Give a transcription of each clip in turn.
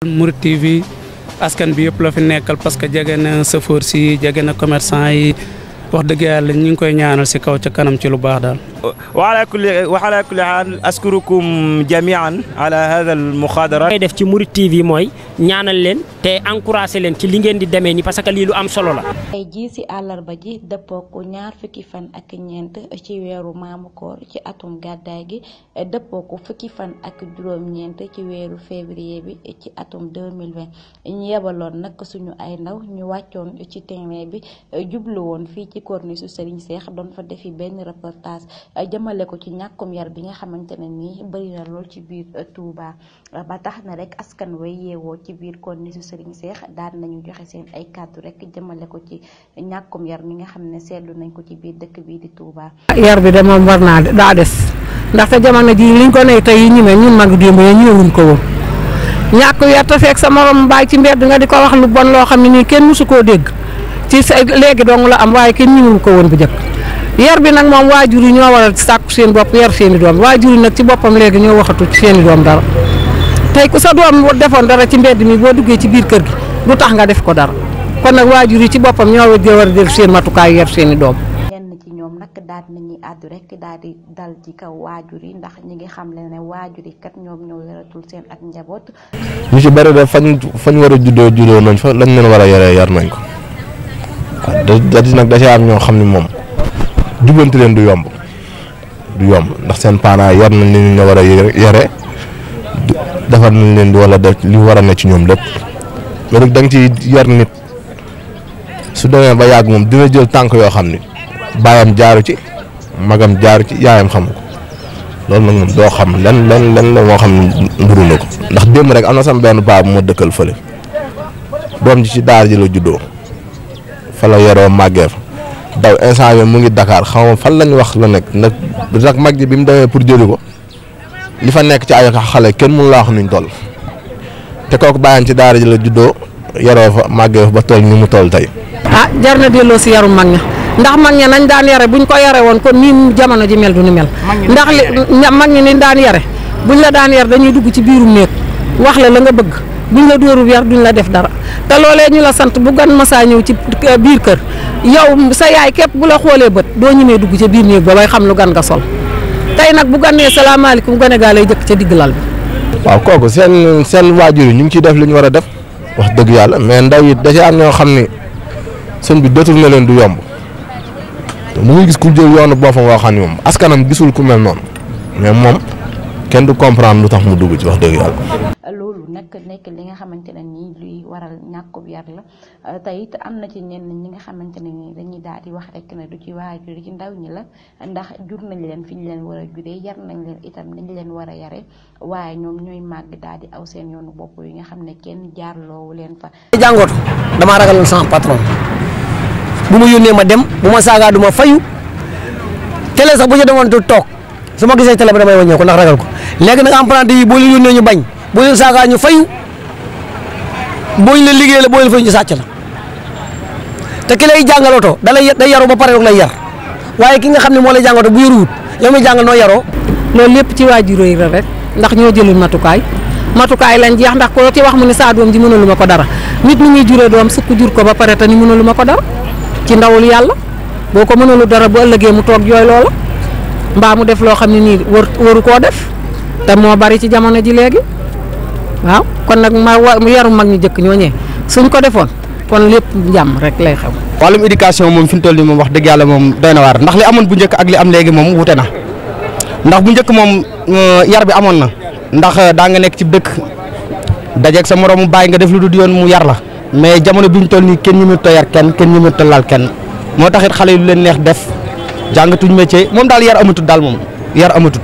Mouride TV askan bi yëpp la fi nekkal parce que jege na chauffeur si jege na commerçant yi wax dëgg yàlla ñu ngi koy ñaanal si kaw ca kanam ci lu baax daal. wa ala kulli wa ala kulli haal askurukum jamian ala hada al muxaadara. koy def ci Mouride TV mooy ñaanal leen te encouragé leen ci li ngeen di demee ni parce que lii lu am solo la. tey jii si àllarba ji dëppoo ko ñaar fukki fan ak ñeent ci weeru maamu koor ci atum gàddaay gi dëppoo ko fukki fan ak juróom-ñeent ci weeru février bi ci atum 2020 ñu yebaloon nag suñu ay ndaw ñu wàccoon ci terrain bi jublu woon fii ci. ci corniche su Serigne Seex doon fa defi benn reportage eh, jëmale ko ci ñàkkum yar bi nga xamante ne nii bëri na lool ci biir eh, Touba eh, ba tax na rek askan way yeewoo ci biir corniche su Serigne Seex daan nañu joxe seen ay kàddu rek jëmale ko ci ñàkkum yar mi nga xam ne seetlu nañ ko ci biir dëkk bii di Touba. yar bi de moom war naa daa des ndaxte jamono jii liñ ko ne tey ñu mag démb yi ñëwuñ ko woon ñàkk yar te fekk sa morom bàyyi ci mbedd nga di ko wax lu bon loo xam ne koo dégg. ci léegi dong la am waaye kenn ñëwul ko woon bu njëkk yar bi nag moom waajur yi ñoo waral a sàkku seen bopp yar seen i doom waajur yi nag ci boppam léegi ñoo waxatu seen i doom dara tey ku sa doom defoon dara ci mbedd mi boo duggee ci biir kër gi du tax nga def ko dara kon nag waajur yi ci boppam ñoo war jël seen matukaay yar seen i doom. daal nañuy àddu rek daal di dal ci kaw waajur yi ndax ñi ngi xam le ne waajur yi kat ñoom ñoo yoratul seen ak njaboot. ñu ci bari da fañ fañ war a juddoo juddoo nañ fa lañ leen war a yoree yar nañ ko. dadis nag da cee am ñoo xam ne moom jubante leen du yomb du yomb ndax seen parents yar na leen ñu war a yare defar nañ leen di wala def li war a ne ci ñoom lépp mais nag da ci yar nit su demee ba yàgg moom dina jël tànk yoo xam ni baayam jaaru ci magam jaaru ci yaayam xamu ko loolu nag moom doo xam lenn lenn la moo xam ne mburu na ko ndax démb rek am na sama benn paa bu ma dëkkal fële doom ji ci daara ji la juddoo Kalau la yaroo màggee daw instant bi mu ngi Dakar xawma fan lañ wax la nek nak rak mag ji bi mu demee pour jëli ko li fa nek ci ay xalé kenn mu la wax nuñ toll te kooku bayan ci daara ji la juddo yaroo fa màggee ba toll ni mu toll tay ah jar na delloo si yaru ndax nañ daan yare buñ ko yare won kon nii jamono ji mel du ñu mel. ndax li ni daan yare buñ la daan yare dañuy dugg ci biiru wax la la nga bëgg buñ la dooru yar duñ la def dara te lolé ñu la sant bu gan masaa ñew ci eh, biir kër yow sa yaay kep bu la xolé bët do ñëmé dugg ci biir neeg ba bay xam lu gan nga sol tay nak bu salam alaykum gané ga lay jëk ci digg lal bi waaw koku sen sen wajur ñu ci def li wara def wax dëgg yalla mais ndaw yi da ci am ñoo xamni sen bi dotul na leen du yomb mu ngi gis ku jël yoonu boppam nga xam ne askanam gisul ku mel non mais mom kenn du comprendre lutax mu dugg ci wax dëgg yalla nekk nekk li nga xamantene ni luy waral ñakku yar la euh, tayit amna ci ñenn ñi nga xamantene ni dañuy daal di wax rek ne du ci waajur ci ndaw ñi la ndax jur nañ leen fiñ leen wara jure yar nañ leen itam nañ leen wara yare waaye ñoom ñooy mag daal di aw seen yoonu bop yi nga kenn jaar lo wu leen fa jàngoot damaa ragaloon sama patron bu ma yónnee ma dem bu ma saagaa duma fayu télé sax bu ñu demone du tok suma ma gisee télé bi damay ko ndax ragal ko légui nak emprunté yi boo leen ñu ñu bañ bo len saga ñu fayu bo len liggéey la bo len fay ñu sacc la te ki lay jangal auto da lay day yaru ba paré rek lay yar waye ki nga xamni mo lay jangal auto bu wut yow mi jangal no yaro lo lepp ci waji roy ra rek ndax ñoo jëlul matukaay matukaay lañ jeex ndax ko ci wax mu ni saa doom di mënaluma ko dara nit ni muy juré doom sukk jur ko ba paré tan ni ko dara ci ndawul yalla boko mënalu dara bu ëllëgé mu tok joy lool mbaa mu def lo xamni ni waru ko def ta mo bari ci jamono ji waaw kon nag ma wa yaru mag ni jëkk ñooñee suñ ko defoon kon lépp jàmm rek lay xew. wàllum éducation moom fi ñu toll moom wax dëgg yàlla moom doy na waar ndax li amoon bu njëkk ak li am léegi moom wute na ndax bu njëkk moom euh, yar bi amoon na ndax euh, daa nga nekk ci dëkk dajeeg sa moromu bàyyi nga def lu dul yoon mu yar la mais jamono bi ñu toll nii kenn ñu a yar kenn kenn ñu a kenn taxit xale leen neex def jàngatuñ métier moom daal yar amatul daal moom yar amatul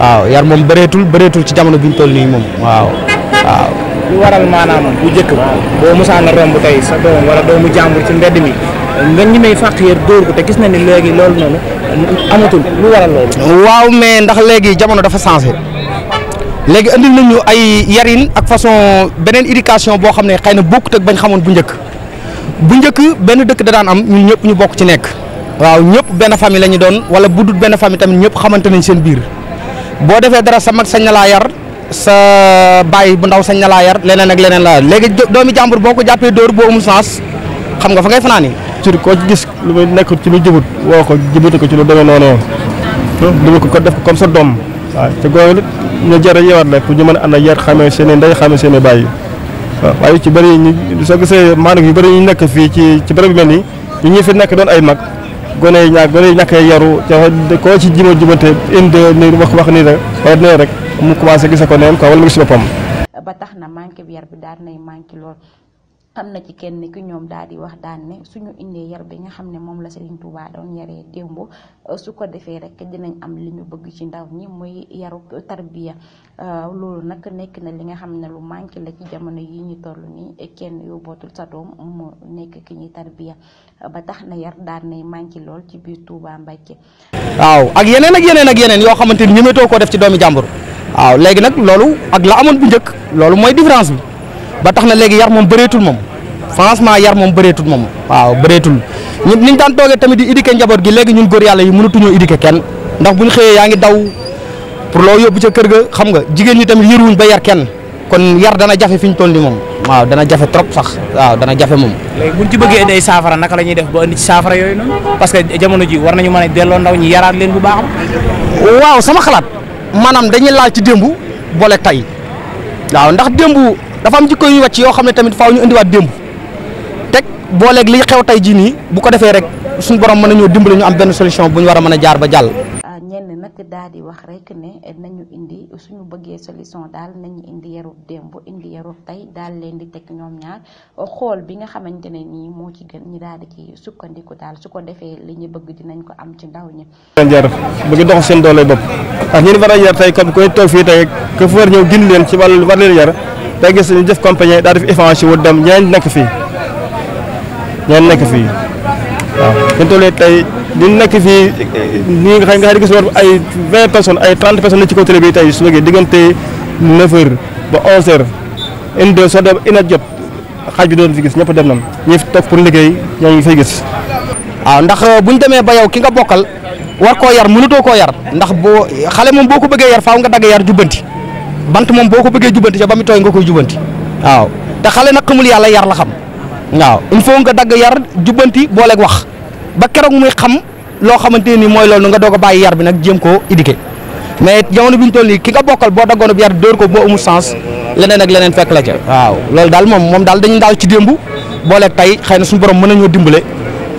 waaw yar moom bëreetul bëreetul ci jamono bi ñu toll nii waaw waaw lu waral maanaam bu jëkk boo musaan romb sa doom wala doomu jàmbur ci mbedd mi nga ñi may fàq yër ko te gis na ni léegi loolu noonu amatul lu waral loolu waaw mais ndax léegi jamono dafa changé léegi andil nañu ay yarin ak façon beneen éducation boo xam ne xëy na bañ xamoon bu njëkk bu dëkk da daan am ñun ñëpp ñu ci nekk waaw ñëpp famille la doon wala bu dul benn famille tamit ñëpp xamante nañ seen biir boo defee dara sa mag sañ na yar sa bay bu ndaw sañ na laa yar leneen ak leneen la legi doomi jambour boko jappé jàppee bo um sens xam nga fa ngay fanani ci ko gis lu may nekkul ci lu jëbut woko ko ko ci lu demee nono do ko ko def ko comme sa dom wa ci googu nit ñu jara yewat nek ñu mëna ana yar xamé seen i ndey xamee seen bay wa waaw ci bari ñu soo gisee maanaam yu bari ñu nekk fi ci ci bari mel melni ñu ñi fi nekk doon ay mag gone yi ñaa gone yaru ci ko ci jima jumante indi ni wax wax ni rek wa ne rek mu commencé gise ko neen quoi wala mu gis boppam. ba tax na manqué bi yar bi daal nay manqué lool xam na ci kenn ki ñoom daal di wax daan ne suñu indee yar bi nga xam ne moom la Serigne Touba doon yaree démb su ko defee rek dinañ am li ñu bëgg ci ndaw ñi muy yaru tarbiya euh, loolu nag nekk na li nga xam ne lu manqué la ci jamono yi ñu toll nii kenn yóbbootul sa doom mu nekk ki ñuy tarbiya ba tax na yar daan nay manqué lool ci biir Touba Mbacké. waaw ak yeneen ak yeneen ak yeneen yoo xamante ni ñëmetoo ko def ci doomi jàmbur. waaw léegi nak lolu ak la amone bu ñëk lolu moy différence bi ba tax na léegi yar mom bëreetul mom franchement yar mom bëreetul mom, waaw bëreetul ñun niñ tan toogee tamit di éduquer njabot gi léegi ñun goor yalla yi mënatuñoo éduquer kenn ndax buñ xëyee yaangi daw pour lo yobbu ci kër ga xam nga jigéen ñi tamit yëruwuñ ba yar kenn kon yar dana jafé fiñ tondi mom waaw dana jafé trop sax waaw dana jafé mom. léegi buñ ci bëggé day safara naka lañuy def ba andi ci safara yoy non parce que jamono ji war nañu mëna délo ndaw ñi yaraat leen bu baax. waaw sama xalaat maanaam dañuy laal ci démb boole tay waaw ndax démb dafa am jikko yu wàcc yoo xam ne tamit faaw ñu indiwaat démb teg booleeg li xew tay jii nii bu ko defee rek suñu borom mën nañoo dimbali ñu am benn solution bu ñu war a mën a jaar ba jàll. ñenn nag daal di wax rek ne nañu indi suñu bëggee solution daal nañu indi yarub démb indi yarub tey daal leen di teg ñoom ñaar xool bi nga xamante ne nii moo ci gën ñi daal di ci sukkandiku daal su ko defee li ñu bëgg dinañ ko am ci ndaw ñi. jar bëgg dox seen doole bopp ndax ñun war a yar tey comme koy toog fii tey que war ñëw gindi leen ci wàllu war leen yar tey gis ñu def compagnie daal def effort wu dem ñeneen nekk fii ñeneen nekk fii. waaw bu ñu tollee tey ñu nekk fii ñi nga xam nga xam ne gis nga ay vingt personnes ay trent personnes la ci kaw télé bi tey su fekkee diggante neuf heures ba onze heures une deux soo dem une heure jot xaaj bi doon fi gis ñëpp dem nañ ñi fi toog pour liggéey ñoo ngi fay gis. waaw ndax euh, bu ñu demee ba yow ki nga bokkal war koo yar mënutoo koo yar ndax boo xale moom boo ko bëggee yar faaw nga dagg yar jubbanti bant moom boo ko bëggee jubbanti ca ba mu tooy nga koy jubbanti waaw te xale nag xamul yàlla yar la xam. waaw il faut nga dag yar jubanti booleeg wax ba keroog muy xam lo xamanteni moy lolou nga dogo baye yar bi nak jéem ko éduquer mais jamono biñ tolli ki nga bo boo bi yar door ko bo amu sens lenen ak lenen fekk la ca waaw lolou dal mom mom dal dañu dal ci dembu booleeg tey xëy na suñu borom meñu dimbalé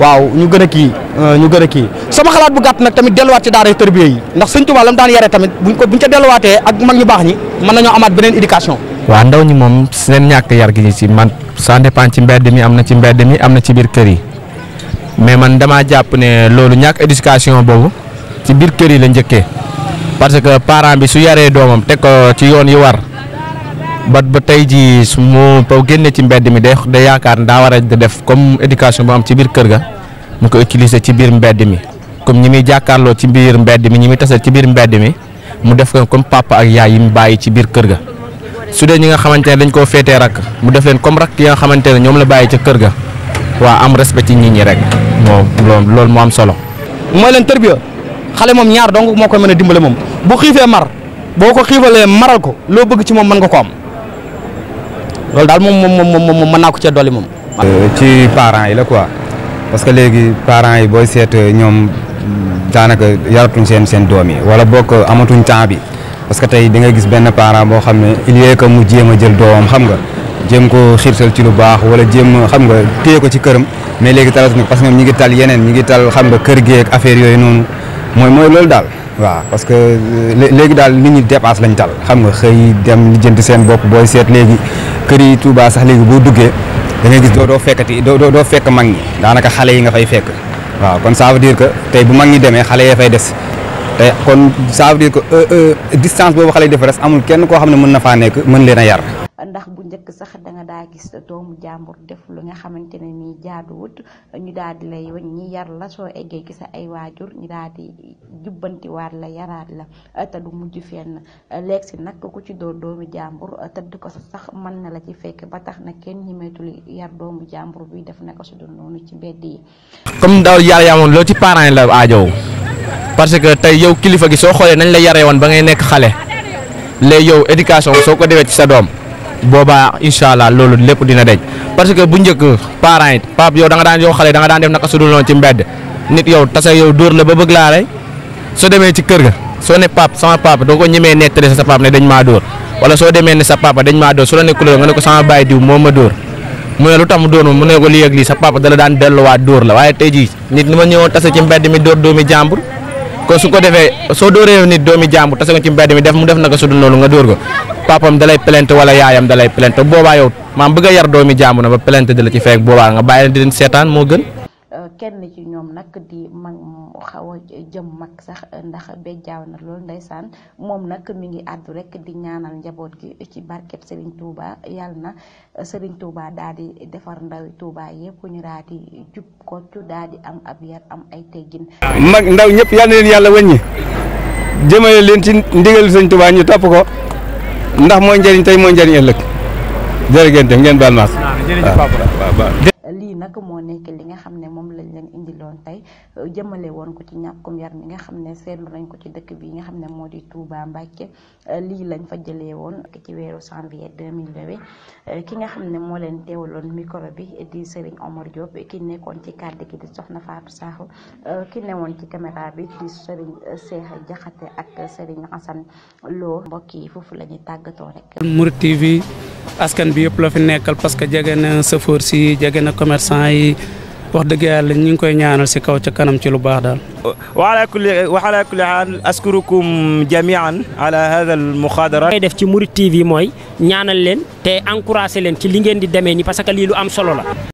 waaw ñu gëna ki euh, ñu gëna ki sama xalaat bu gatt nak tamit wat ci daara terbiye yi ndax señtu ba lam daan yaré tamit buñ ko buñ ca waté ak mag ñu bax ñi mën nañu amaat benen éducation waa ndaw ñi mom seen ñak yar gi ci man ça dépend ci mbedd mi amna ci mbedd mi amna ci bir kër yi mais man dama japp né lolu ñak éducation bobu ci bir kër yi la ñëkke parce que parents bi su yaré doomam té ko ci yoon yi war ba ba tay ji su mu pa génne ci mbedd mi day day yaakar nda wara a def comme éducation bu am ci bir kër ga mu ko utiliser ci bir mbedd mi comme ñi mi ci bir mbedd mi ñi mi tassal ci bir mbedd mi mu def ko comme papa ak yaay yi mu bayyi ci bir kër ga su dee ñi nga xamante ne dañ koo féetee rakk mu def leen comme rakk yi nga xamante ne ñoom la bàyyi ca kër ga waa am respect ci nit ñi rek moom loolu moo am solo. mooy leen tërbiya xale moom ñaar dong moo koy mën a dimbale moom bu xiifee mar boo ko xiifalee maral ko loo bëgg ci moom mën nga ko am loolu daal moom moom moom mën naa ko cee dolli moom. ci parent yi la quoi parce que léegi parent yi booy seet ñoom daanaka yaratuñ seen seen doom yi wala bokk amatuñ temps bi. parce que tey di nga gis benn parent boo xam ne il est que mu jéem a jël doomam xam nga jéem ko xiirtal ci lu baax wala jéem xam nga téye ko ci këram mais léegi talatu nag parce que ñoom ngi tal yeneen ñi ngi tal xam nga kër gi ak affaire yooyu noonu mooy mooy loolu daal waaw parce que léegi daal nit ñi dépasse lañ tal xam nga xëy dem lijjanti seen bopp booy seet léegi kër yi Touba sax léegi boo duggee da ngay gis doo doo fekkati doo doo fekk mag ñi daanaka xale yi nga fay fekk waaw kon ça veut dire que tey bu mag ñi demee xale yee fay des tey eh, kon ça veut ko que euh, euh, distance boobu xale yi def res amul kenn koo xam ne mën na faa nekk mën leen a yar. ndax bu njëkk sax da daa gis doomu jàmbur def lu nga xamante ne nii jaaduwut ñu daal di lay wañ ñi yar la soo eggee ci sa ay waajur ñu daal jubbantiwaat la yaraat la te du mujj fenn léeg si nag ku ci doon doomu jàmbur tëdd ko sa sax mën na la ci fekk ba tax na kenn ñimeetul yar doomu jàmbur bi def na ko su dul noonu ci mbedd yi. comme daaw yàlla yaamoon la aajowoo. parce que tey yow kilifa gi soo xoolee nañ la yare woon ba ngay nekk xale léegi yow éducation soo ko defee ci sa doom boobaa incha allah loolu lépp dina deñ parce que bu njëkk parents yi pap yow da nga daan yow xale da nga daan def na su dul noonu ci mbedd nit yow tasa yow dóor la ba bëgg laa rey soo demee ci kër ga soo ne pap sama papa doo ko ñemee nettali sa pap ne dañ maa dóor wala soo demee ne sa papa dañ maa dóor su la nekkuloo nga ne ko sama baay diw moo ma dóor mu ne lu tax mu dóor ma sa papa dala daan delluwaat dóor la waaye tey jii nit ñi ma ñëwoon tase ci mbedd mi dóor doomi kon su ko defee soo dóoree nit doomi jàmbur tase ko ci mbedd mi def mu def naka su dul noonu nga dóor ko papam dalay plainte wala yaayam dalay plainte boobaa yow maam bëgg yar doomi jàmbur na ba plainte di la ci fekk boobaa nga bàyyi leen di leen seetaan moo gën kenn ci ñoom nag di mag xaw a jëm mag sax ndax bejjaaw na lool ndeysaan moom nag mi ngi àddu rek di ñaanal njaboot gi ci barkeb sëriñ Touba yàlla na sëriñ Touba daal di defar ndawi Touba yépp ñu daal di jub koccu daal di am ab yar am ay teggin mag ndaw ñëpp yal na leen yàlla wàññi jëmale leen ci ndigal sëriñ Touba ñu topp ko ndax mooy njëriñ tey mooy njëriñ ëllëg jërë ngeen jëf ngeen baal maas nak mo nekk li nga xamne mom lañ leen lon tay jëmele won ko ci ñàkkum yar mi nga xamne seenu seetlu nañ ko ci dëkk bi nga xamne modi Touba Mbacke li lañ fa jëlee woon ci wéru janvier 2009 ki nga xamne mo leen teewaloon micro bi di Serigne Omar Diop ki nekkon ci kàddu ki di Soxna Fatou Sakho ki newon ci caméra bi di Serigne Cheikh Jaxate ak Serigne Assane Lo mbokk yi foofu la ñuy rek. Mouride TV askan bi yëpp la fi nekkal parce que jege na force si jege na commerçant. instant yi wax dëgg yàlla ñu ngi koy ñaanal si kaw ca kanam ci lu baax daal. wa ala kulli wa ala kulli haal askurukum jamian ala hada al muxaadara. def ci Mouride TV mooy ñaanal leen te encouragé leen ci li ngeen di demee nii parce que lii lu am solo la.